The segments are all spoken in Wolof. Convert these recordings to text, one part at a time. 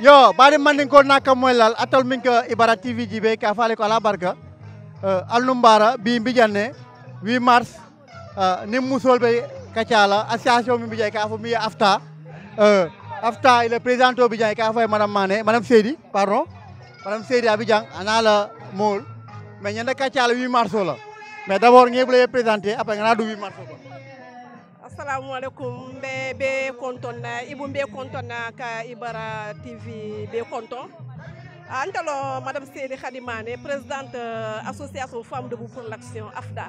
yo baɗi mandinko nakka moylal attal min ko ibara tv jiɓe ka faali ko ala barka eh, alnumbara mbi mbiƴanne 8 mars eh, nin musolɓe kacala association mi mbiƴay ka fo mbiya afta eh, afta il est président to bijan ka fo e pardon madame seydi abidjan anala mool mais ñande kacala 8 mars o la mais d' présenté après gana du 8 Assalamu mbe bébé konton na ibu mbe na ka ibara tv bébé konton antalo madame seydi khadimane présidente euh, association femme de pour l'action afda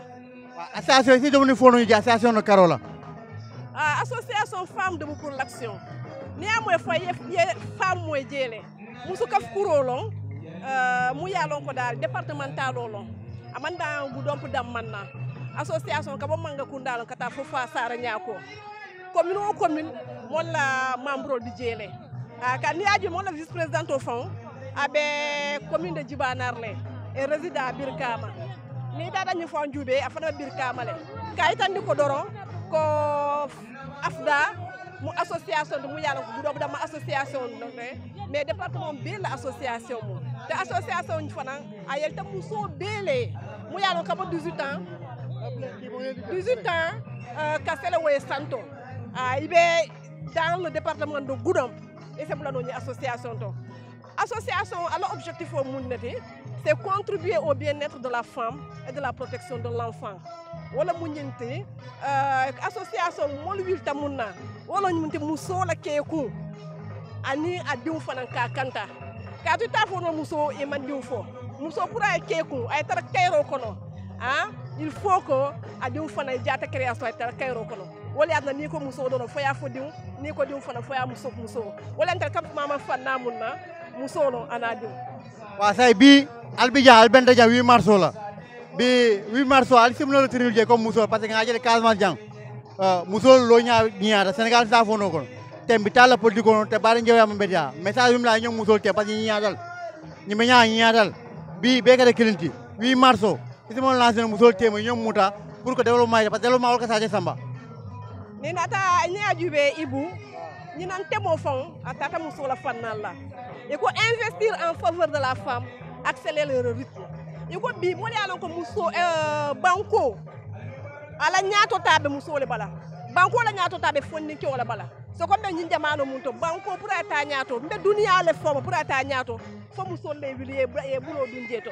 association si jomni fonoji association no karola ah, association femme de pour l'action niyamoye faye femme moye jeele musukaf kuro lon euh, muyalon ko daari départemental o Amanda amandan gudompo dam manna association kabo manga kundalo kata fofa sara nyako commune o commune mon la membre du jele a ah, kan yaji mon la vice président au fond abe commune de Djibanarle, et résident birkama ni dada ñu fon djubé afana birkama le kay tan ko doro ko afda mu association mu yalla ko do dama association mais département bi la association mu te association ñu fana ayel tam mu so bele mu yalla ko ba 18 ans 18 ans euh, Kasele Woye Santo ah, i bɛ dans le département de Goudomp i sebulanoñi association to association ala objectif o mun c'est contribuer au bien-être de la femme et de la protection de l'enfant wala muñinte euh, association molu wilta mun na wala ñumte musoo la keeku ani a diw fanan ka kanta kaatu ta fono musoo e man diw fo musoo pour ay keeku ay tara kayro kono ah il faut ko aɗum fana jata création tel kayro kono wala adna ni ko muso ɗono foya fodin ni ko ɗum fana foya muso muso wala entel kam mama fanna mun na muso no ana ɗum wa say bi albija albenta dia 8 mars o la bi 8 mars o ali simnolo tiril je comme muso parce que nga jele casamance jang euh, muso lo ña ñiata sénégal sa fono kono tembi tala politique ono te bare jewama mbedia message um la ñom muso te parce que ñiatal ñi meña ñiatal bi be kada kilinti 8 mars isimol nasino musol tema ñom muta pour que développement parce que développement wol ka saje samba nena ata ne ajube ibu ni nan temo fon atata musola fannalla e ko investir en faveur de la femme accélérer le rythme e ko bi mo yalon ko muso euh, banco ala ñaato tabe le bala banco la ñaato tabe fonni ki wala bala so comme be ñin jamano mun banco pour ata ñaato be duniya le foma pour ata ñaato fo musol le wili e bulo dunje to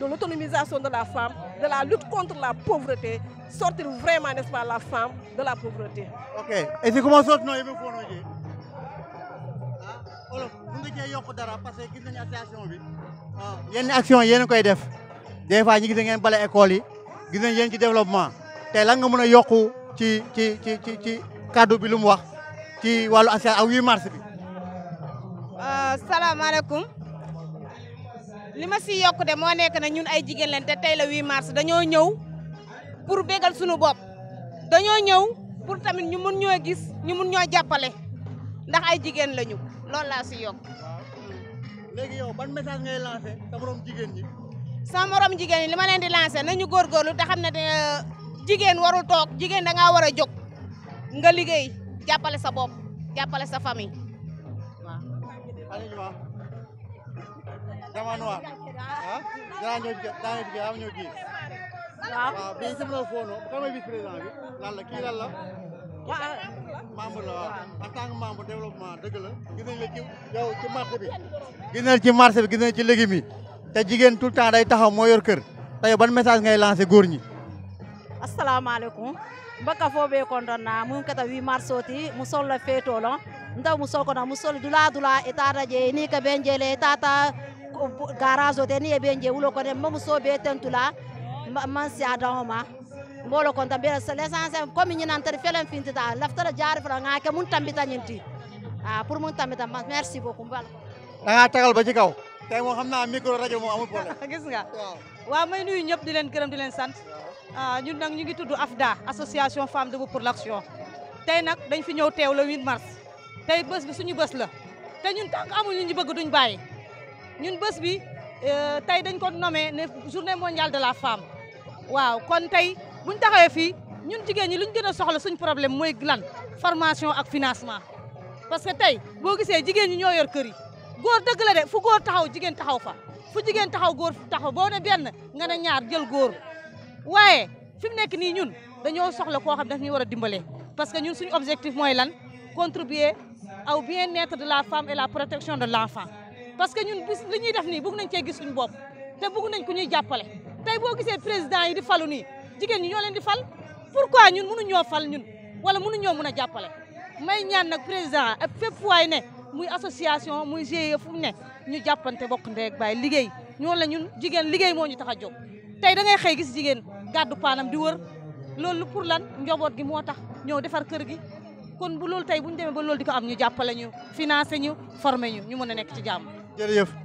de l'autonomisation de la femme, de la lutte contre la pauvreté, sortir vraiment, n'est-ce pas, la femme de la pauvreté. Ok. Et c'est comment sortir nos événements alors, vous y dit parce que vous avez association. Il y a une action, il y a une action. Des fois, vous avez une école, vous avez un développement. Et là, vous avez une action qui est cadeau de l'homme, qui est à 8 mars. Euh, Salam alaikum. lima si yok de mo nek na ñun ay jigen len te tay la 8 mars dañoo ñew pour bégal suñu bop dañoo ñew pour tamit ñu mën ñoo gis ñu mën ñoo jappalé ndax ay jigen lañu lool la si yok légui yow ban message ngay lancer sa borom jigen ñi. sa borom jigen ñi li ma leen di lancé nañu góorgóorlu te xam ne eh, jigéen warul tok jigen da nga wara a nga liggéey jappalé sa bop jappalé sa famille Terima kasih. diamant noir ah dinaa ñëw waaw bii sama fóon kan mooy vice président bi kii lan la. la waaw en tant que membre développement dëgg ci yow bi gis ci marché bi gis nañ ci légumes yi te jigéen tout le temps day taxaw moo yor kër tey ban message ngay lancé góor ñi assalaamaaleykum mbaka fooɓe kondonna mum kata 8 mars oti mo solla feetolo ntaw mo sokona mo soli dula dula e tata je ni ka ben garage o ni ebe nje wulo kone mamu so be tentula man si adama mbolo kon tambe l'essentiel comme ñi nan tan felen fintita laftara jari fra nga ke mun tambita ñenti ah pour mun tambita merci beaucoup mbal da nga tagal ba ci kaw tay mo xamna micro radio mo amul problème gis nga wa may nuyu ñep di len gërëm di len sante ah ñun nak ñu ngi tuddu afda association femme debout pour l'action tay nak dañ fi ñew tew le 8 mars tay bëss bi suñu bëss la té ñun tank amul ñu bëgg duñ bayyi Nous avons bi euh, tay journée mondiale de la femme waaw kon tay buñ ñun soxla problème moy formation ak financement parce que tay bo jigéen ñi ñoo yor kër yi Goor dëgg la de fu goor taxaw jigéen parce que ñun objectif contribuer au bien-être de la femme et la protection de l'enfant parce que ñun bis ñuy def nii bëgg nañ cee gis suñu bopp te bëgg nañ ku ñuy jàppale tey boo gisee président yi di falu nii jigéen ñi ñoo di fal pourquoi ñun mënu ñoo fal ñun wala mënu ñoo mën a jàppale may ñaan nag président ak fépp waay ne muy association muy GIE fu mu ne ñu jàppante bokk ndeeg bàyyi liggéey ñoo la ñun jigéen liggéey moo ñu tax a jóg tey da ngay xëy gis jigéen gàddu paanam di wër loolu pour lan njaboot gi moo tax ñëw defar kër gi kon bu loolu tey bu demee ba loolu di ko am ñu jàppale financé ñu formé ñu ñu mën a nekk ci jàmm jërëjëf